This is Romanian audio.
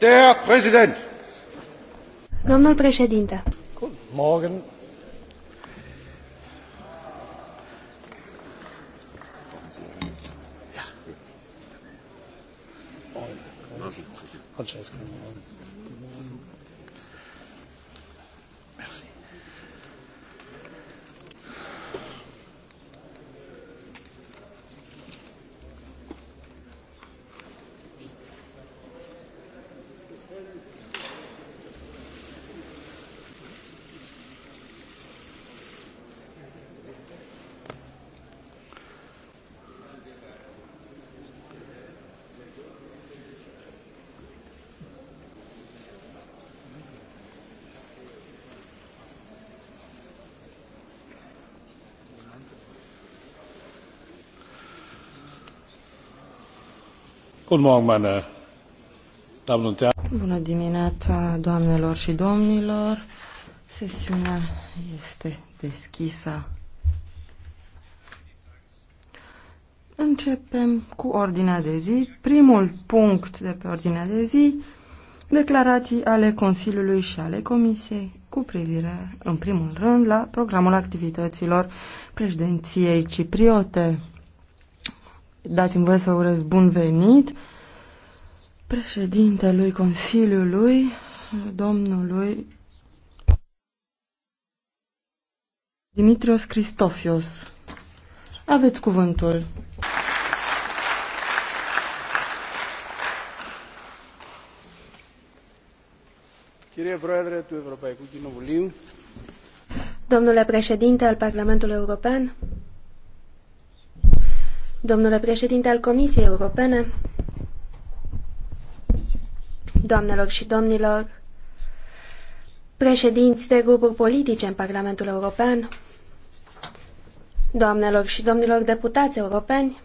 Der Präsident. Domnul președinte. Guten Morgen. Francesca. Uh, Bună dimineața, doamnelor și domnilor. Sesiunea este deschisă. Începem cu ordinea de zi. Primul punct de pe ordinea de zi, declarații ale Consiliului și ale Comisiei cu privire, în primul rând, la programul activităților președinției cipriote dați-mi voie să urez bun venit președintelui Consiliului, domnului Dimitrios Cristofios. Aveți cuvântul. Domnule președinte al Parlamentului European, Domnule președinte al Comisiei Europene, doamnelor și domnilor, președinți de grupuri politice în Parlamentul European, doamnelor și domnilor deputați europeni,